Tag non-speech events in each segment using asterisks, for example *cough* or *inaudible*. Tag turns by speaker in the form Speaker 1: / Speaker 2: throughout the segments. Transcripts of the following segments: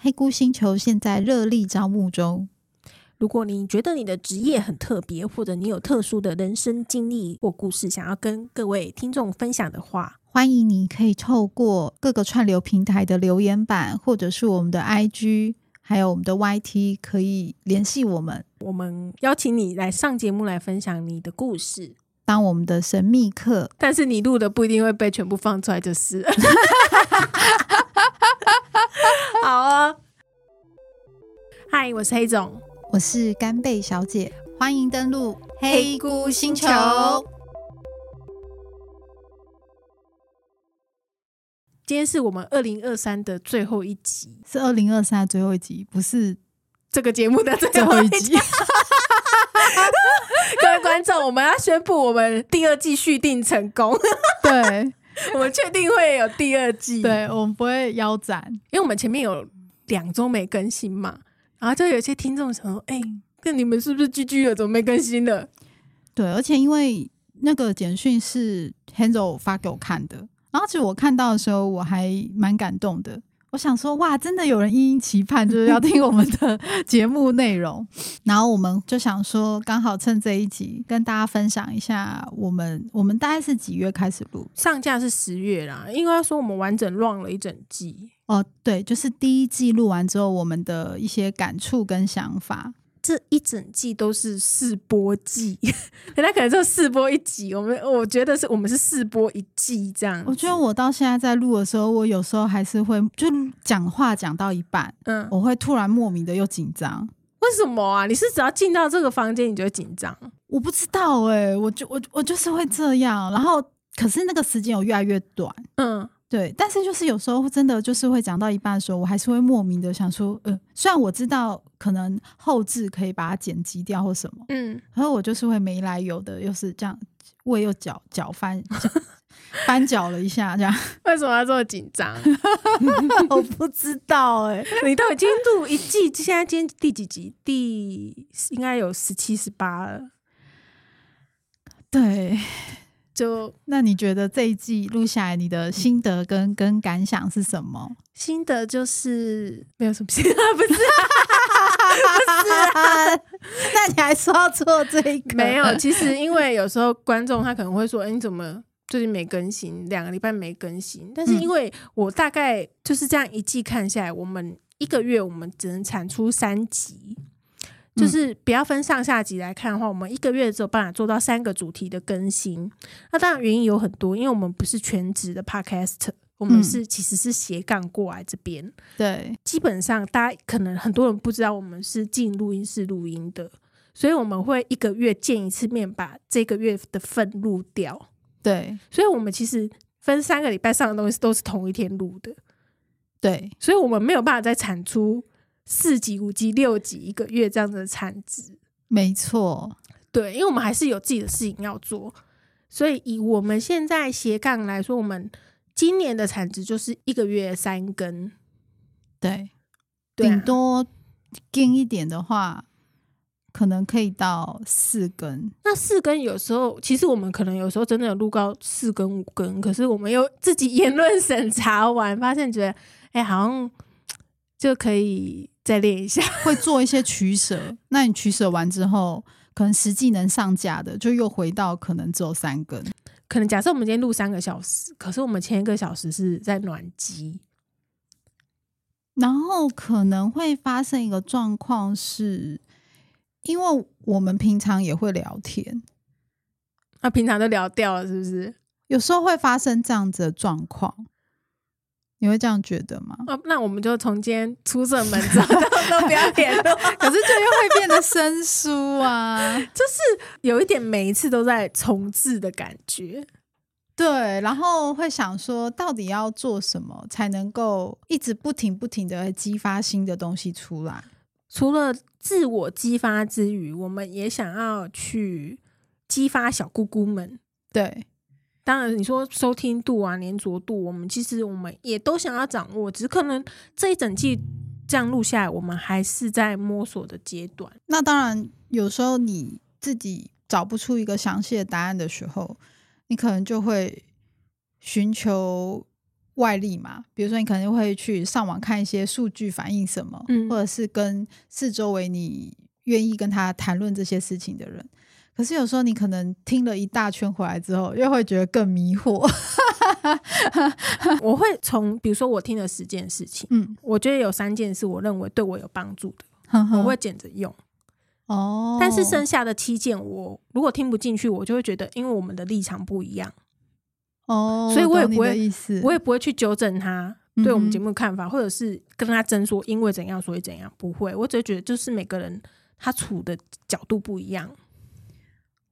Speaker 1: 黑菇星球現在熱力招募中。
Speaker 2: 如果你覺得你的職業很特別，或者你有特殊的人生經歷或故事想要跟各位聽眾分享的話，
Speaker 1: 歡迎你可以透過各個串流平台的留言板，或者是我們的 IG，還有我們的 YT，可以聯繫我們。
Speaker 2: 我們邀請你來上節目來分享你的故事，
Speaker 1: 當我們的神秘客。
Speaker 2: 但是你錄的不一定會被全部放出來，就是。 *laughs* 好啊、哦，嗨，我是黑總，我是甘貝小姐，歡迎登錄黑菇星球。今天是我們二零二三的最後一集，是二零二三的最後一集，不是這個節目的最後一集。 *laughs* 各位觀眾，我們要宣布我們第二季續訂成功。 *laughs* 對。 *laughs* 我們確定會有第二季 *laughs* 對，對，我們不會腰斬，因為我們前面有兩周沒更新嘛，然後就有一些聽眾想說：“哎、欸，那你們是不是劇劇 GG 了？怎麼沒更新了？”
Speaker 1: 對，而且因為那個簡訊是 Hansel 發給我看的，然後其實我看到的時候我還蠻感動的。我想說，哇，真的有人殷殷期盼，就是要聽我們的節目內容。 *laughs* 然後我們就想說，剛好趁這一集跟大家分享一下我們，我們大概是幾月開始錄，
Speaker 2: 上架是十月啦。應該說我們完整 run 了一整季，
Speaker 1: 哦、呃，對，就是第一季錄完之後，我們的一些感觸跟想法。
Speaker 2: 這一整季都是試播季，人家可能就試播一集，我們我覺得是我們是試播一季這樣。我
Speaker 1: 覺得我到現在在錄的時候，我有時候還是會就講話講到一半，嗯，我會突然莫名的又緊張，
Speaker 2: 為什麼啊？你是只要進到這個房間你就緊張？
Speaker 1: 我不知道哎、欸，我就我我就是會這樣。然後可是那個時間有越來越短，嗯。對，但是就是有時候真的就是會講到一半的時候，我還是會莫名的想說，呃，雖然我知道可能後製可以把它剪輯掉或什麼，嗯，然後我就是會沒來由的又是這樣，胃又攪攪翻，翻攪了一下，這樣，
Speaker 2: 為什麼要這麼緊張？ *laughs* 我不知道哎、欸，你到底今天錄一季，現在今天第幾集？第應該有十七、十八了，對。就那你覺得這一季
Speaker 1: 錄下來，你的心得跟跟感想是什麼？
Speaker 2: 心得就是沒有什麼心得，不是？那你還說要做這一個？沒有，其實因為有時候觀眾他可能會說，哎、 *laughs* 欸，你怎麼最近沒更新？兩個禮拜沒更新？但是因為我大概就是這樣一季看下來，我們一個月我們只能產出三集。就是不要分上下集來看的話，我們一個月只有辦法做到三個主題的更新。那當然原因有很多，因為我們不是全職的 podcast，我們是、嗯、其實是斜槓過來這邊。對，基本上大家可能很多人不知道，我們是進錄音室錄音的，所以我們會一個月見一次面，把這個月的份錄掉。對，所以我們其實分三個禮拜上的東西都是同一天錄的。對，所以我們沒有辦法再產出。四級、五級、六級一個月這樣子的產值，
Speaker 1: 沒錯，
Speaker 2: 對，因為我們還是有自己的事情要做，所以以我們現在斜槓來說，我們今年的產值就是一個月三根，對，
Speaker 1: 頂多近一點的話，可能可以到四根。
Speaker 2: 那四根有時候，其實我們可能有時候真的有錄到四根、五根，可是我們又自己言論審查完，發現覺得，哎、欸，好像就可以。再練一下，會做一些取捨。 *laughs* 那你取捨完之後，可能實際能上架的，就又回到可能只有三根。可能假設我們今天錄三個小時，可是我們前一個小時是在暖機，然後
Speaker 1: 可能會發生一個狀況，是因為我們平常也會聊天，
Speaker 2: 那、啊、平常都聊掉了，是不是？
Speaker 1: 有時候會發生這樣子的狀況。你會這樣覺得嗎？
Speaker 2: 哦，那我們就從今天出這門之後都不要連動。可是就又會變得生疏啊， *laughs* 就是有一點每一次都在重置的感覺。對，然後
Speaker 1: 會想說，到底要做什麼才能夠一直不停不停的激發新的東西出來？
Speaker 2: 除了自我激發之餘，我們也想要去激發小姑姑們。對。當然，你說收聽度啊、黏著度，我們其實我們也都想要掌握，只是可能這一整季這樣錄下來，我們還是在摸索的階段。那
Speaker 1: 當然，
Speaker 2: 有時候你
Speaker 1: 自己找不出一個詳細的答案的時候，你可能就會尋求外力嘛，比如說你可能會去上網看一些數據反映什麼，嗯、或者是跟四周圍你願意跟他談論這些事情的人。可是有時候你可能聽了一大圈回來之後，又會覺得更迷惑。
Speaker 2: *laughs* 我會從比如說我聽了十件事情，嗯，我覺得有三件事我認為對我有幫助的，呵呵我會撿着用。
Speaker 1: 哦，但是剩
Speaker 2: 下的七件我如果聽不進去，我就會覺得因為我們的立場不一樣。
Speaker 1: 哦，所以我也不會，我
Speaker 2: 也不會去糾正他對我們節目的看法，嗯嗯或者是跟他爭說因為怎樣所以怎樣，不會。我只會覺得就是每個人他處的角度不一樣。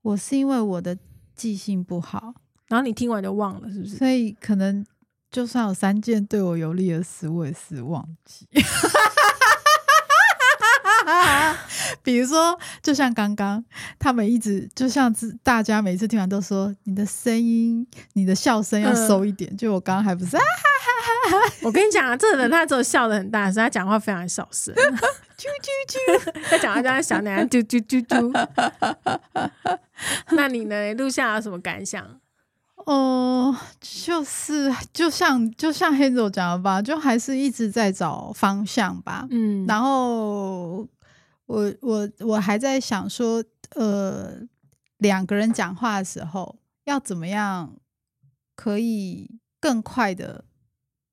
Speaker 1: 我是因為我的記性不好，
Speaker 2: 然後你聽完就忘了，是不是？所以
Speaker 1: 可能就算有三件對我有利的事，我也是忘記。 *laughs* 比如說，就像剛剛他們一直，就像大家每次聽完都說你的聲音、你的笑聲要收一
Speaker 2: 點，嗯、就我剛剛還不是、啊。哈哈哈哈。我跟你講啊，這個人他只笑的很大聲，他講話非常小聲，啾啾啾。他講話叫他小點，啾啾啾啾。 *laughs* 那你呢錄下有什麼感想？哦、呃，
Speaker 1: 就是就像就像黑 e n 講的吧，就還是一直在找方向吧。嗯，然後我我我還在想說，呃，兩個人講話的時候要怎麼樣可以
Speaker 2: 更快的。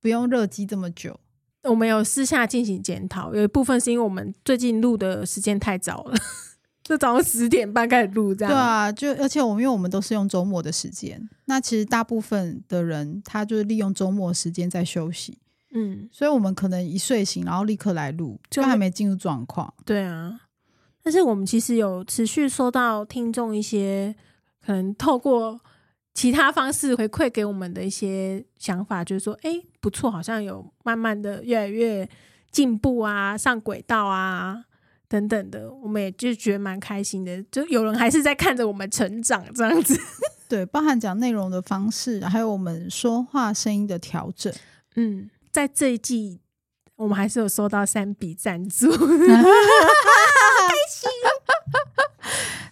Speaker 2: 不用熱機這麼久，我們有私下進行檢討，有一部分是因為我們最近錄的時間太早了，呵呵，就早上十點半開始錄這樣。對啊，
Speaker 1: 就而且我們因為我們都是用週末的時間，那其實大部分的人他就是利用週末時間在休息，嗯，所以我們可能一睡醒然後立刻來錄，就沒還沒進入狀況。
Speaker 2: 對啊，但是我們其實有持續收到聽眾一些可能透過。其他方式回饋給我們的一些想法，就是說，哎，不錯，好像有慢慢的越來越進步啊，上軌道啊等等的，我們也就覺得蠻開心的。就有人還是在看着我們成長這樣子。
Speaker 1: 對，包含講內容的方式，還有我們
Speaker 2: 說話聲音的調整。嗯，在這一季，我們還是有收到三筆贊助，開心。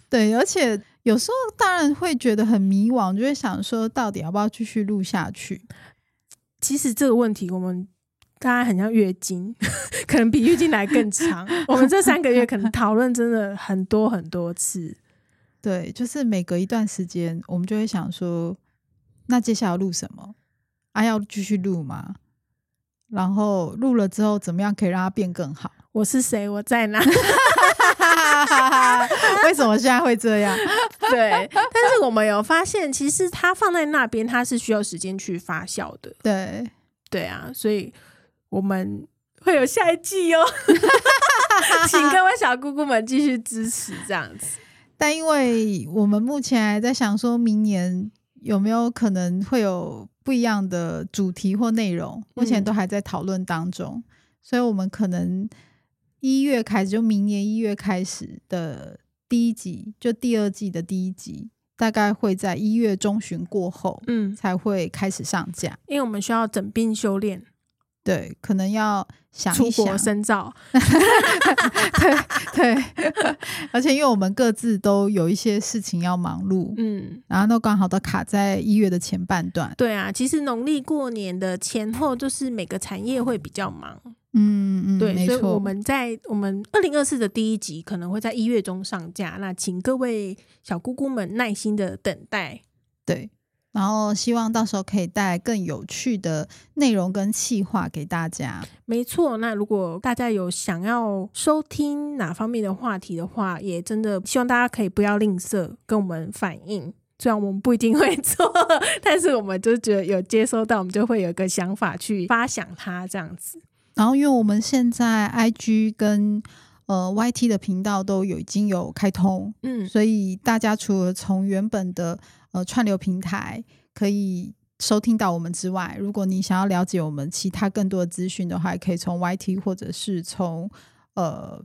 Speaker 1: 對，而且有時候當然會覺得很迷惘，就會想說到底要不要繼續錄下
Speaker 2: 去？其實這個問題我們大家很像月經，可能比月經來更長。 *laughs* 我們這三個月可能討論真的很多很多次。
Speaker 1: 對，就是每隔一段時間，我們就會想說，那接下來錄什麼？啊，要繼續錄嗎？然後錄了之後，怎麼樣可以讓它變
Speaker 2: 更好？我是誰？我在哪？ *laughs* 為什麼現在會這樣？對，但是我們有發現，其實它放在那邊，它是需要時間去發酵的。對，對啊，所以我們會有下一季哦， *laughs* 請各位小姑姑們繼續支持這樣子。但
Speaker 1: 因為我們目前還在想，說明年有沒有可能會有不一樣的主題或內容，嗯、目前都還在討論當中，所以我們可能一月開始，就明年一月開始的。第一集就第二季的第一集，大概會在一月中旬過後，嗯，才會開始上架。
Speaker 2: 因為我們需要整兵修煉，
Speaker 1: 對，可能要想，想出國深造， *laughs* 對對， *laughs* *laughs* 對。而且因為我們各自都有一些事情要忙碌，嗯，然後都剛好都卡在一月的前半段。
Speaker 2: 對啊，其實農曆過年的前後，就是每個產業會比較忙。嗯嗯，嗯對，沒錯，所以我們在我們二零二四的第一集可能會在一月中上架，那請各位小姑姑們耐心的等待，
Speaker 1: 對，然後希望到時候可以帶
Speaker 2: 來更有趣的
Speaker 1: 內容跟企劃給大家。
Speaker 2: 沒錯，那如果大家有想要收聽哪方面的話題的話，也真的希望大家可以不要吝嗇跟我們反映，雖然我們不一定會做，但是我們就覺得有接收到，我們就會有一個想法去發想它這樣子。
Speaker 1: 然後，因為我們現在 I G 跟呃 Y T 的頻道都有已經有開通，嗯，所以大家除了從原本的呃串流平台可以收聽到我們之外，如果你想要了解我們其他更多的資訊的話，也可以從 Y T 或者是從呃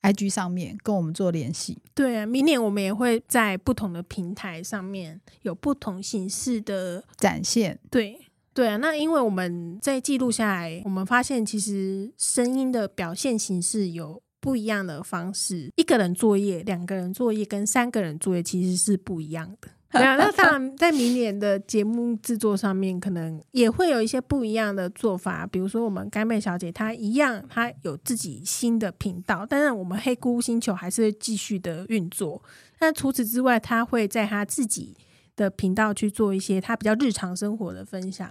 Speaker 1: I G 上面跟我們做聯繫。
Speaker 2: 對啊，明年我們也會在不同的平台上面有不同形式的展現。對。對啊，那因為我們在記錄下來，我們發現其實聲音的表現形式有不一樣的方式。一個人作業、兩個人作業跟三個人作業其實是不一樣的。對啊，那當然在明年的節目製作上面，可能也會有一些不一樣的做法。比如說，我們甘妹小姐她一樣，她有自己新的頻道，但是我們黑菇星球還是會繼續的運作。那除此之外，她會在她自己的頻道去做一些她比較日常生活的分享。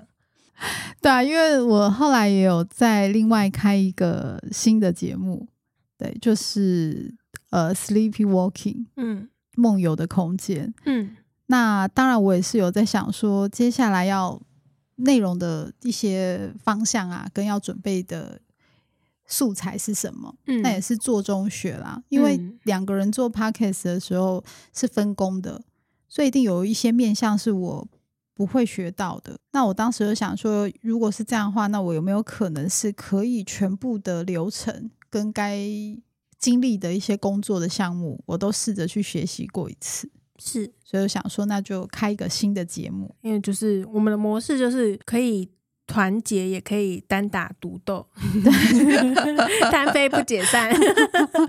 Speaker 1: *laughs* 對啊，因為我後來也有在另外開一個新的節目，對，就是呃，Sleepy Walking，嗯，夢遊的空間，嗯，那當然我也是有在想說，接下來要內容的一些方向啊，跟要準備的素材是什麼，嗯，那也是做中學啦，因為兩個人做 Podcast 的時候是分工的，所以一定有一些面向是我不會學到的。那我當時就想說，如果是這樣的話，那我有沒有可能是可以全部的流程跟該經歷的一些工作的項目，我都試着去學習過一
Speaker 2: 次。是，所以我想說那就開一個新的節目，因為就是我們的模式就是可以團結，也可以單打獨鬥，單 *laughs* 飛不解散。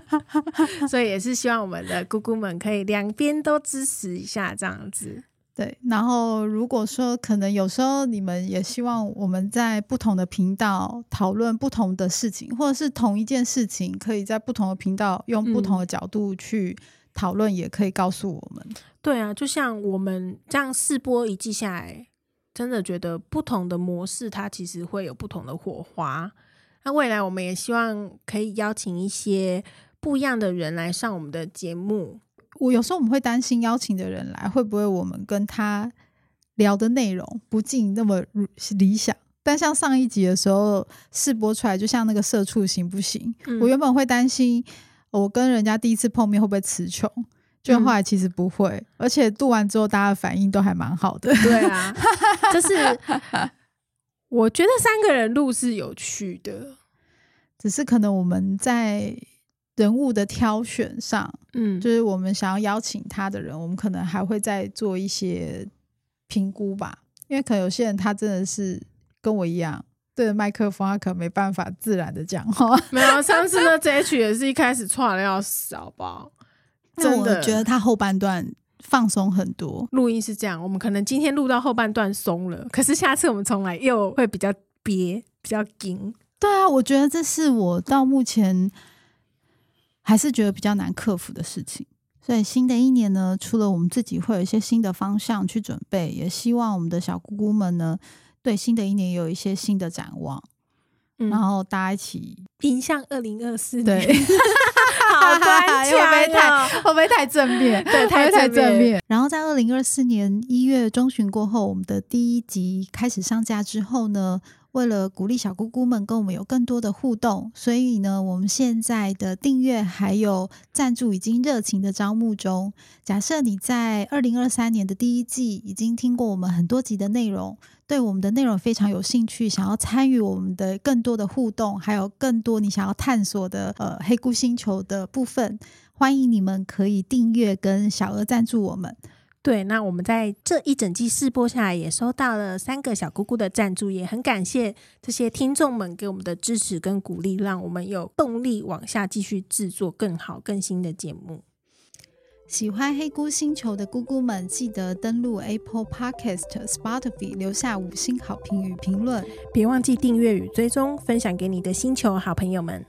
Speaker 2: *laughs* 所以也是希望我們的菇菇們可以兩邊都支持一下，這樣子。
Speaker 1: 對，然後如果說可能有時候你們也希望我們在不同的頻道討論不同的事情，或者是同一件事情可以在不同的頻道用不同的角度去討論，也可以告訴
Speaker 2: 我們。嗯。對啊，就像我們這樣試播一季下來，真的覺得不同的模式它其實會有不同的火花。那未來我們也希望可以邀請一些不一樣的人來上我們的節目。我有時候我們會
Speaker 1: 擔心邀請的人來會不會我們跟他聊的內容不盡那麼理想，但像上一集的時候試播出來，就像那個社畜行不行？我原本會擔心我跟人家第一次碰面會不會詞窮，結果後來其實不會，而且錄完之後大家的反應都還蠻好的。對
Speaker 2: 啊，就是我覺得三個人錄是有趣的，只
Speaker 1: 是可能我們在。人物的挑選上，嗯，就是我們想要邀請他的人，我們可能還會再做一些評估吧，因為可能有些人他真的是跟我一樣對着麥克風，他可能沒辦法自然的講話。
Speaker 2: 沒有，上次那 j 曲，也是一開始挫的要死， *laughs* 好不好？那我覺得
Speaker 1: 他後半段放鬆很多。
Speaker 2: 錄音是這樣，我們可能今天錄到後半段鬆了，可是下次我們重來又會比較憋，比較緊。
Speaker 1: 對啊，我覺得這是我到目前，還是覺得比較難克服的事情，所以新的一年呢，除了我們自己會有一些新的方向去準備，也希望我們的小菇菇們呢，對新的一年有一些新的展望，
Speaker 2: 嗯、然
Speaker 1: 後大家一起迎向二
Speaker 2: 零二四年。對 *laughs* 好乖巧啊！會不會
Speaker 1: 太正面？對，太太正面。正面然後在二零二四年一月中旬過後，我們的第一集開始上架之後呢，為了鼓勵小菇菇們跟我們有更多的互動，所以呢，我們現在的訂閱還有贊助已經熱情的招募中。假設你在二零二三年的第一季已經聽過我們很多集的內容，對我們的內容非常有興趣，想要參與我們的更多的互動，還有更多你想要探索的呃黑菇星球的部分，歡迎你們可以訂閱跟小額
Speaker 2: 贊助我們。對，那我們在這一整季試播下來，也收到了三個小菇菇的贊助，也很感謝這些聽眾們給我們的支持跟鼓勵，讓我們有動力往下繼續製作更好更新的節目。喜歡黑菇
Speaker 1: 星球的菇菇們，記得登陸 Apple Podcast、Spotify，留下五星好
Speaker 2: 評與評論，別忘記訂閱與追蹤，分享給你的星球好朋友們。